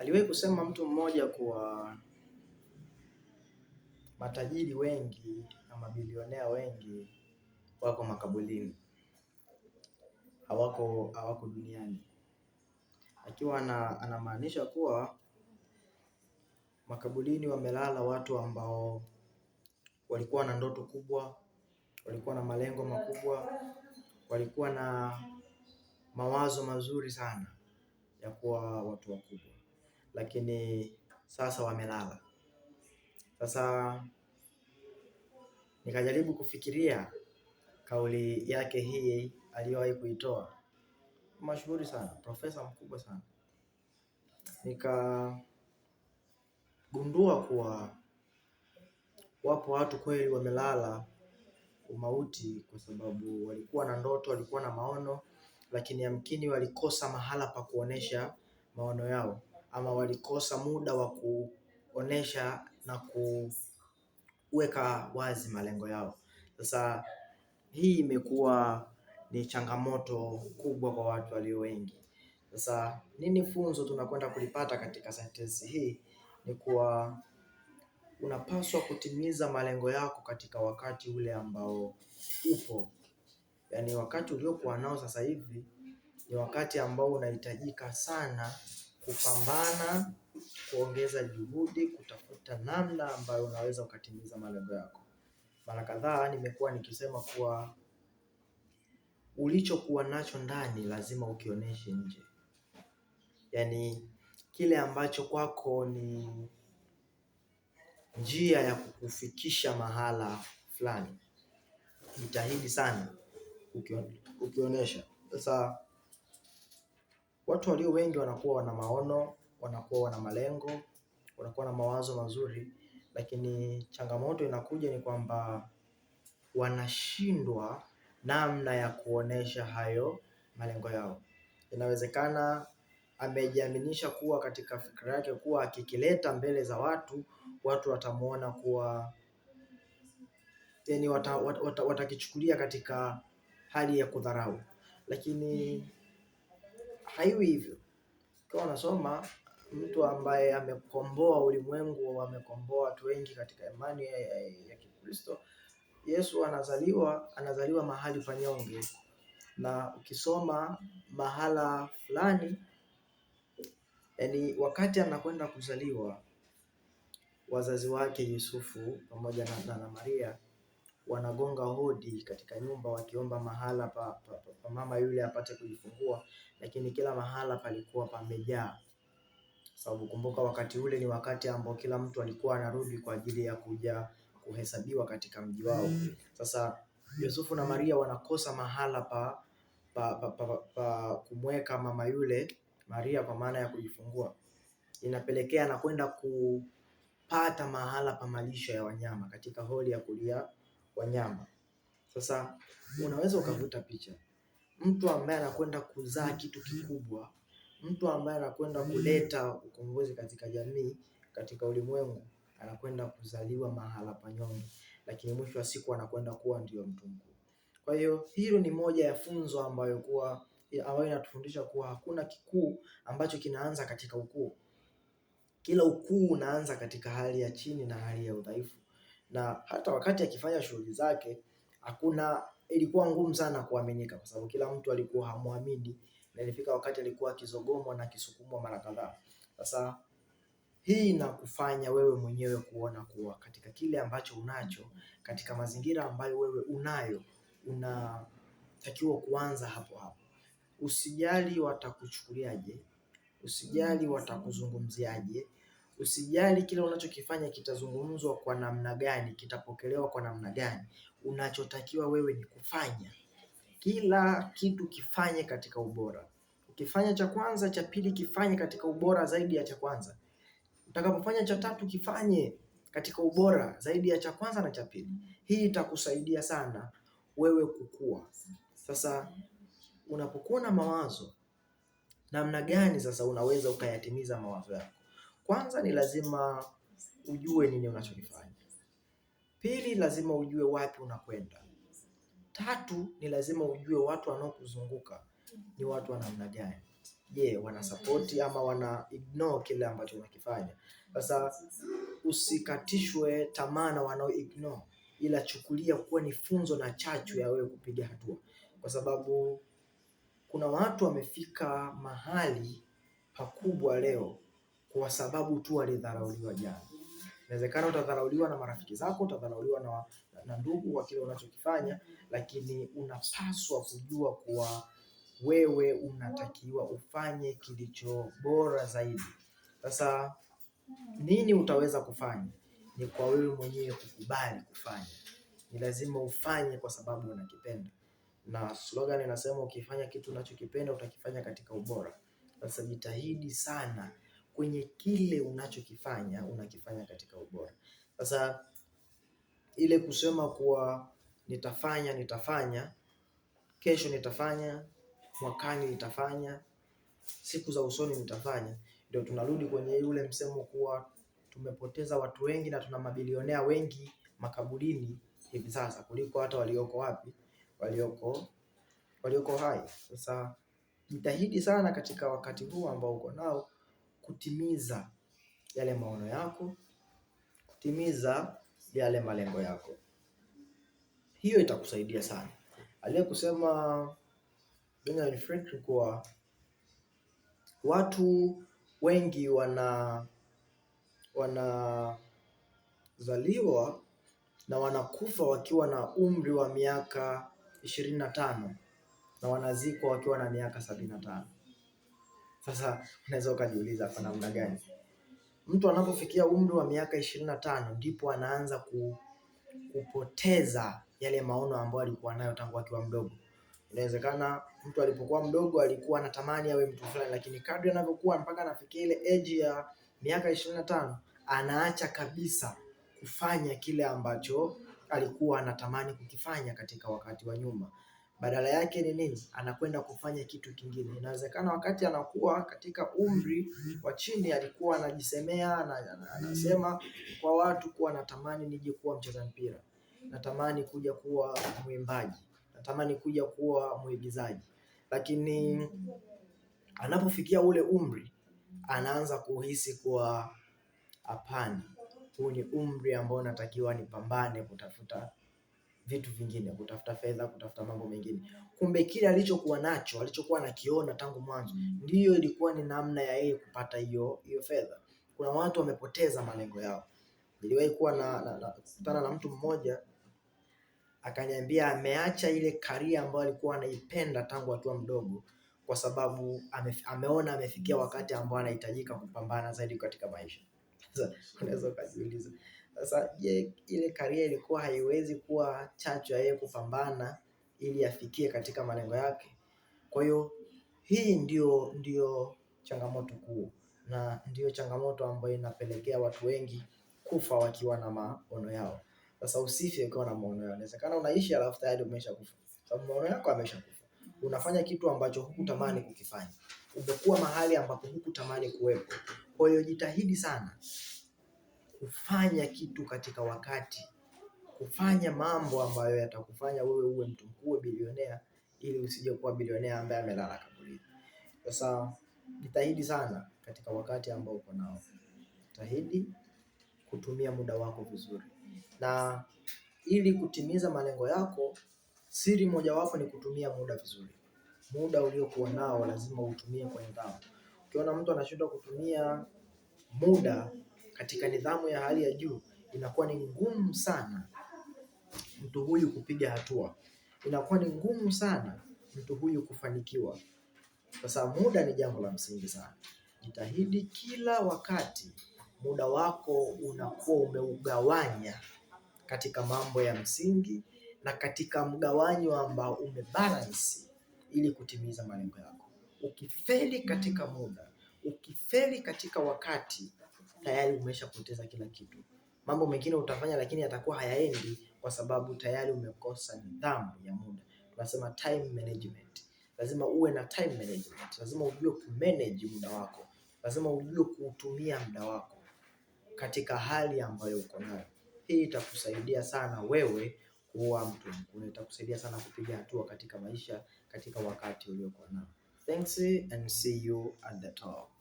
Aliwahi kusema mtu mmoja kuwa matajiri wengi na mabilionea wengi wako makaburini, hawako hawako duniani, akiwa ana anamaanisha kuwa makaburini wamelala watu ambao walikuwa na ndoto kubwa, walikuwa na malengo makubwa, walikuwa na mawazo mazuri sana ya kuwa watu wakubwa lakini sasa wamelala. Sasa nikajaribu kufikiria kauli yake hii aliyowahi kuitoa, mashuhuri sana, profesa mkubwa sana, nikagundua kuwa wapo watu kweli wamelala umauti kwa sababu walikuwa na ndoto, walikuwa na maono, lakini yamkini walikosa mahala pa kuonesha maono yao ama walikosa muda wa kuonesha na kuweka wazi malengo yao. Sasa hii imekuwa ni changamoto kubwa kwa watu walio wengi. Sasa nini funzo tunakwenda kulipata katika sentensi hii? Ni kuwa unapaswa kutimiza malengo yako katika wakati ule ambao upo, yaani wakati uliokuwa nao sasa hivi ni wakati ambao unahitajika sana kupambana, kuongeza juhudi, kutafuta namna ambayo unaweza ukatimiza malengo yako. Mara kadhaa nimekuwa nikisema kuwa ulichokuwa nacho ndani lazima ukionyeshe nje, yaani kile ambacho kwako ni njia ya kukufikisha mahala fulani, jitahidi sana ukionyesha sasa Watu walio wengi wanakuwa wana maono, wanakuwa wana malengo, wanakuwa na mawazo mazuri, lakini changamoto inakuja ni kwamba wanashindwa namna ya kuonesha hayo malengo yao. Inawezekana amejiaminisha kuwa katika fikra yake kuwa akikileta mbele za watu, watu watamuona kuwa yani watakichukulia wata, wata katika hali ya kudharau, lakini haiwi hivyo. Ukiwa unasoma mtu ambaye amekomboa ulimwengu, amekomboa watu wengi katika imani ya, ya, ya Kikristo. Yesu anazaliwa, anazaliwa mahali panyonge, na ukisoma mahala fulani, yani wakati anakwenda kuzaliwa wazazi wake Yusufu pamoja na, na Maria wanagonga hodi katika nyumba wakiomba mahala pa, pa, pa, pa mama yule apate kujifungua, lakini kila mahala palikuwa pamejaa, sababu kumbuka, wakati ule ni wakati ambao kila mtu alikuwa anarudi kwa ajili ya kuja kuhesabiwa katika mji wao. Mm. Sasa Yusufu na Maria wanakosa mahala pa, pa, pa, pa, pa kumweka mama yule Maria kwa maana ya kujifungua, inapelekea kwenda kupata mahala pa malisho ya wanyama katika holi ya kulia wanyama. Sasa unaweza ukavuta picha mtu ambaye anakwenda kuzaa kitu kikubwa, mtu ambaye anakwenda kuleta ukombozi katika jamii, katika ulimwengu, anakwenda kuzaliwa mahala panyonge, lakini mwisho wa siku anakwenda kuwa ndiyo mtu mkuu. Kwa hiyo hilo ni moja ya funzo ambayo kuwa ambayo inatufundisha kuwa hakuna kikuu ambacho kinaanza katika ukuu. Kila ukuu unaanza katika hali ya chini na hali ya udhaifu na hata wakati akifanya shughuli zake hakuna, ilikuwa ngumu sana kuaminika kwa sababu kila mtu alikuwa hamuamini na ilifika wakati alikuwa akizogomwa na akisukumwa mara kadhaa. Sasa hii inakufanya wewe mwenyewe kuona kuwa katika kile ambacho unacho, katika mazingira ambayo wewe unayo, unatakiwa kuanza hapo hapo. Usijali watakuchukuliaje, usijali watakuzungumziaje, Usijali kile unachokifanya kitazungumzwa kwa namna gani, kitapokelewa kwa namna gani. Unachotakiwa wewe ni kufanya. Kila kitu kifanye katika ubora. Ukifanya cha kwanza, cha pili kifanye katika ubora zaidi ya cha kwanza. Utakapofanya cha tatu kifanye katika ubora zaidi ya cha kwanza na cha pili. Hii itakusaidia sana wewe kukua. Sasa unapokuwa na mawazo namna gani sasa unaweza ukayatimiza mawazo yako? Kwanza ni lazima ujue nini unachokifanya. Pili, lazima ujue wapi unakwenda. Tatu, ni lazima ujue watu wanaokuzunguka ni watu wa namna gani. Je, support ama wana ignore kile ambacho unakifanya? Sasa usikatishwe tamaa na wanao ignore, ila chukulia kuwa ni funzo na chachu ya wewe kupiga hatua, kwa sababu kuna watu wamefika mahali pakubwa leo kwa sababu tu alidharauliwa jana. Inawezekana utadharauliwa na marafiki zako, utadharauliwa na, na ndugu kwa kile unachokifanya, lakini unapaswa kujua kuwa wewe unatakiwa ufanye kilicho bora zaidi. Sasa nini utaweza kufanya? Ni kwa wewe mwenyewe kukubali kufanya. Ni lazima ufanye kwa sababu unakipenda, na slogan inasema ukifanya kitu unachokipenda utakifanya katika ubora. Sasa jitahidi sana kwenye kile unachokifanya unakifanya katika ubora. Sasa ile kusema kuwa nitafanya nitafanya, kesho nitafanya, mwakani nitafanya, siku za usoni nitafanya, ndio tunarudi kwenye yule msemo kuwa tumepoteza watu wengi na tuna mabilionea wengi makaburini hivi sasa kuliko hata walioko wapi, walioko walioko hai. Sasa jitahidi sana katika wakati huu ambao uko nao kutimiza yale maono yako, kutimiza yale malengo yako. Hiyo itakusaidia sana. Aliyekusema Benjamin Franklin kuwa watu wengi wana wanazaliwa na wanakufa wakiwa na umri wa miaka ishirini na tano na wanazikwa wakiwa na miaka sabini na tano. Sasa unaweza ukajiuliza kwa namna gani mtu anapofikia umri wa miaka ishirini na tano ndipo anaanza ku, kupoteza yale maono ambayo alikuwa nayo tangu akiwa mdogo. Inawezekana mtu alipokuwa mdogo alikuwa anatamani awe mtu fulani, lakini kadri anavyokuwa mpaka anafikia ile eji ya miaka ishirini na tano anaacha kabisa kufanya kile ambacho alikuwa anatamani kukifanya katika wakati wa nyuma badala yake ni nini? Anakwenda kufanya kitu kingine. Inawezekana wakati anakuwa katika umri wa chini alikuwa anajisemea, anasema kwa watu kuwa natamani nije kuwa mcheza mpira, natamani kuja kuwa mwimbaji, natamani kuja kuwa mwigizaji, lakini anapofikia ule umri anaanza kuhisi kuwa hapana, huu ni umri ambao natakiwa nipambane kutafuta vitu vingine, kutafuta fedha, kutafuta mambo mengine. Kumbe kile alichokuwa nacho, alichokuwa anakiona tangu mwanzo, ndiyo ilikuwa ni namna ya yeye kupata hiyo hiyo fedha. Kuna watu wamepoteza malengo yao. Niliwahi kuwa na, na, na na mtu mmoja akaniambia ameacha ile karia ambayo alikuwa anaipenda tangu akiwa mdogo kwa sababu ame, ameona amefikia wakati ambao anahitajika kupambana zaidi katika maisha. Unaweza ukajiuliza sasa je, ile karia ilikuwa haiwezi kuwa chachu ya yeye kupambana ili afikie katika malengo yake? Kwa hiyo hii ndio ndio changamoto kuu na ndiyo changamoto ambayo inapelekea watu wengi kufa wakiwa na maono yao. Sasa usife ukiwa na maono yao, inawezekana unaishi alafu tayari umeshakufa, sababu maono yako yameshakufa. Unafanya kitu ambacho hukutamani kukifanya, umekuwa mahali ambapo hukutamani kuwepo. Kwa hiyo jitahidi sana kufanya kitu katika wakati, kufanya mambo ambayo yatakufanya wewe uwe mtu mkubwa bilionea, ili usije kuwa bilionea ambaye amelala kaburini. Sasa jitahidi sana katika wakati ambao uko nao, jitahidi kutumia muda wako vizuri, na ili kutimiza malengo yako, siri mojawapo ni kutumia muda vizuri. Muda uliokuwa nao lazima utumie kwa nidhamu. Ukiona mtu anashindwa kutumia muda katika nidhamu ya hali ya juu, inakuwa ni ngumu sana mtu huyu kupiga hatua, inakuwa ni ngumu sana mtu huyu kufanikiwa. Sasa muda ni jambo la msingi sana. Jitahidi kila wakati muda wako unakuwa umeugawanya katika mambo ya msingi na katika mgawanyo ambao umebalance ili kutimiza malengo yako. Ukifeli katika muda, ukifeli katika wakati, tayari umeshapoteza kila kitu. Mambo mengine utafanya, lakini yatakuwa hayaendi kwa sababu tayari umekosa nidhamu ya muda. Tunasema time management. Lazima uwe na time management, lazima ujue kumanage muda wako, lazima ujue kuutumia muda wako katika hali ambayo uko nayo. Hii itakusaidia sana wewe kuwa mtu mkuu, itakusaidia sana kupiga hatua katika maisha katika wakati uliokuwa nao. Thanks and see you at the top.